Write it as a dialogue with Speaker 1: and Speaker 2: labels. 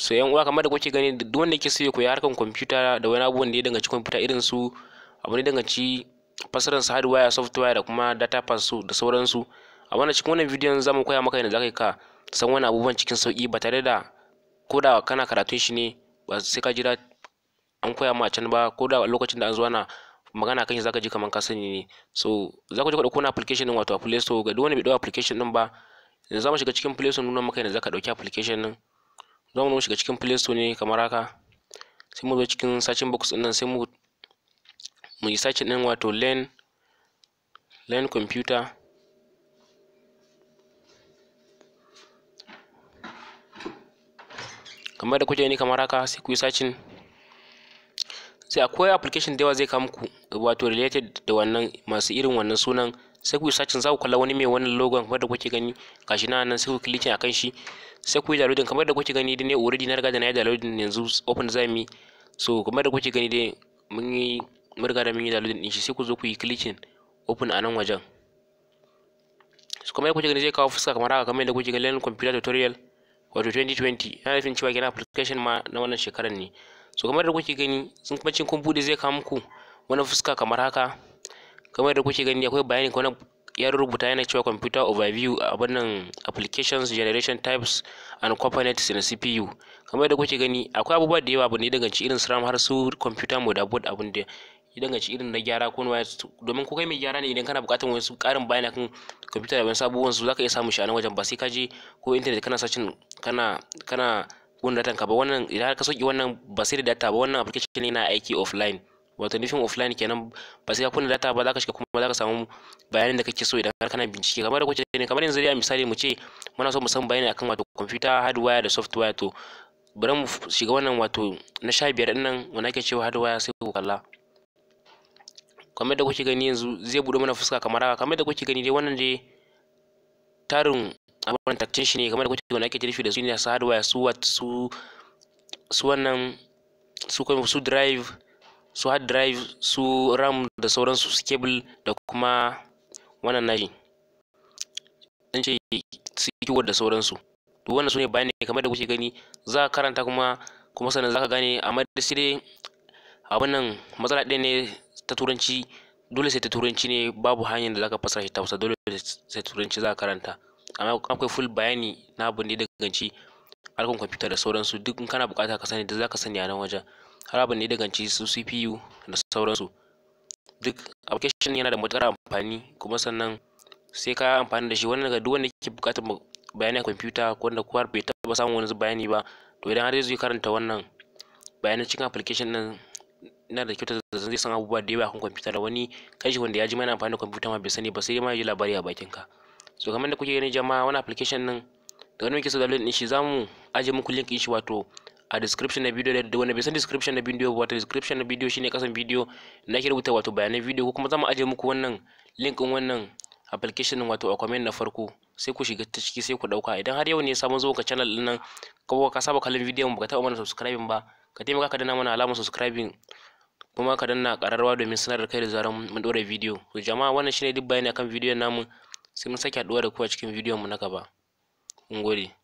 Speaker 1: so yan uwa kamar da kuke gani duk wanda yake so ya koyi harkan kwamfuta da wani abubuwan da ya danganci kwamfuta irin su abu ne danganci fasaran su hardware software da kuma data pass da sauransu a wannan cikin wannan bidiyon za mu koya maka yadda za ka san wani abubuwan cikin sauki ba tare da ko da kana karatun shi ne ba sai ka jira an koya ma can ba ko da lokacin da an zo ana magana kan shi zaka ji kamar ka sani ne so za ku je ka dauko na application din wato Play Store ga duk wani bai dauko application din ba yanzu za mu shiga cikin Play Store nuna maka yadda ka dauki application din za mu shiga cikin play store ne kamar haka sai mu zo cikin searching box ɗin nan sai mu mu yi searching ɗin wato learn learn computer kamar da kuke ni kamar haka sai ku yi searching sai akwai application da yawa zai kawo muku wato related da wannan masu irin wannan sunan sai ku yi sacin za ku kalla wani mai wannan logon kamar da kuke gani gashi na nan sai ku klikin akan shi sai ku yi downloading kamar da kuke gani dai already na riga da na yi downloading yanzu open za mu yi so kamar da kuke gani dai mun yi mun riga da mun yi downloading din shi sai ku zo ku yi klikin open a nan wajen so kamar da kuke gani zai kawo fuska kamar haka kamar da kuke gani learning computer tutorial wato 2020 yana nufin cewa kina application ma na wannan shekarar ne so kamar da kuke gani sun kuma cin kun bude zai kawo muku wani fuska kamar haka kamar da kuke gani akwai bayani kuma ya rubuta yana cewa computer overview abin nan applications generation types and components na CPU kamar da kuke gani akwai abubuwa da yawa abin da ya danganci irin SRAM har su computer motherboard abin da ya danganci irin na gyara ko na domin ko kai mai gyara ne idan kana buƙatar wasu karin bayani akan computer da wani sabuwan su zaka iya samu shi a nan wajen ba sai ka je ko internet kana sacin kana kana wani datan ka ba wannan idan ka sauki wannan ba sai da data ba wannan application yana aiki offline wato nufin offline kenan ba sai ka kunna data ba za ka shiga kuma za ka samu bayanin da kake so idan har kana bincike kamar da kuke ne kamar yanzu dai misali mu ce muna so mu san bayani akan wato computer hardware da software to bari mu shiga wannan wato na sha biyar nan wanda ake cewa hardware sai ku kalla kamar da kuke gani yanzu zai bude mana fuska kamar haka kamar da kuke gani dai wannan dai tarin abubuwan takcin shi ne kamar da kuke gani ake rufi da su ne su hardware su wat su su wannan su su drive su hard drive su ram da sauransu su cable da kuma wannan nashi dan ce su keyword da sauransu to wannan su ne bayanai kamar da kuke gani za karanta kuma kuma sannan za ka gane amma da dai abin nan matsala ɗaya ne ta turanci dole sai ta turanci ne babu hanyar da za ka fasara shi ta wasa dole sai turanci za karanta amma akwai full bayani na abin da ya danganci harkar kwamfuta da sauransu duk kana bukata ka sani da za ka sani a nan wajen harabin ne danganci su CPU da sauransu duk application yana da matuƙar amfani kuma sannan sai ka amfani da shi wannan ga duk wanda yake buƙatar bayani a kwamfuta ko wanda kowa bai taɓa samun wani bayani ba to idan har zai karanta wannan bayanan cikin application nan na da kyautar da zai san abubuwa da yawa akan kwamfuta da wani kashi wanda ya ji mana amfani da kwamfuta ma bai sani ba sai ma ya ji labari a bakin ka so kamar da kuke gani jama'a wani application nan da wani muke so da link din shi zamu aje muku link din shi wato a description na video da wanda bai san description na video wato description na video shine kasan video na ke rubuta wato bayanan video ko kuma za mu aje muku wannan link din wannan application wato a comment na farko sai ku shiga ta ciki sai ku dauka idan har yau ne sabon zo ka channel din nan ko ka saba kallon video mu baka taba mana subscribing ba ka taimaka ka danna mana alamar subscribing kuma ka danna kararwa domin sanar da kai da zaran mun dora video to jama'a wannan shine duk bayani akan video namu sai mun sake haduwa da ku a cikin video mu na gaba mun gode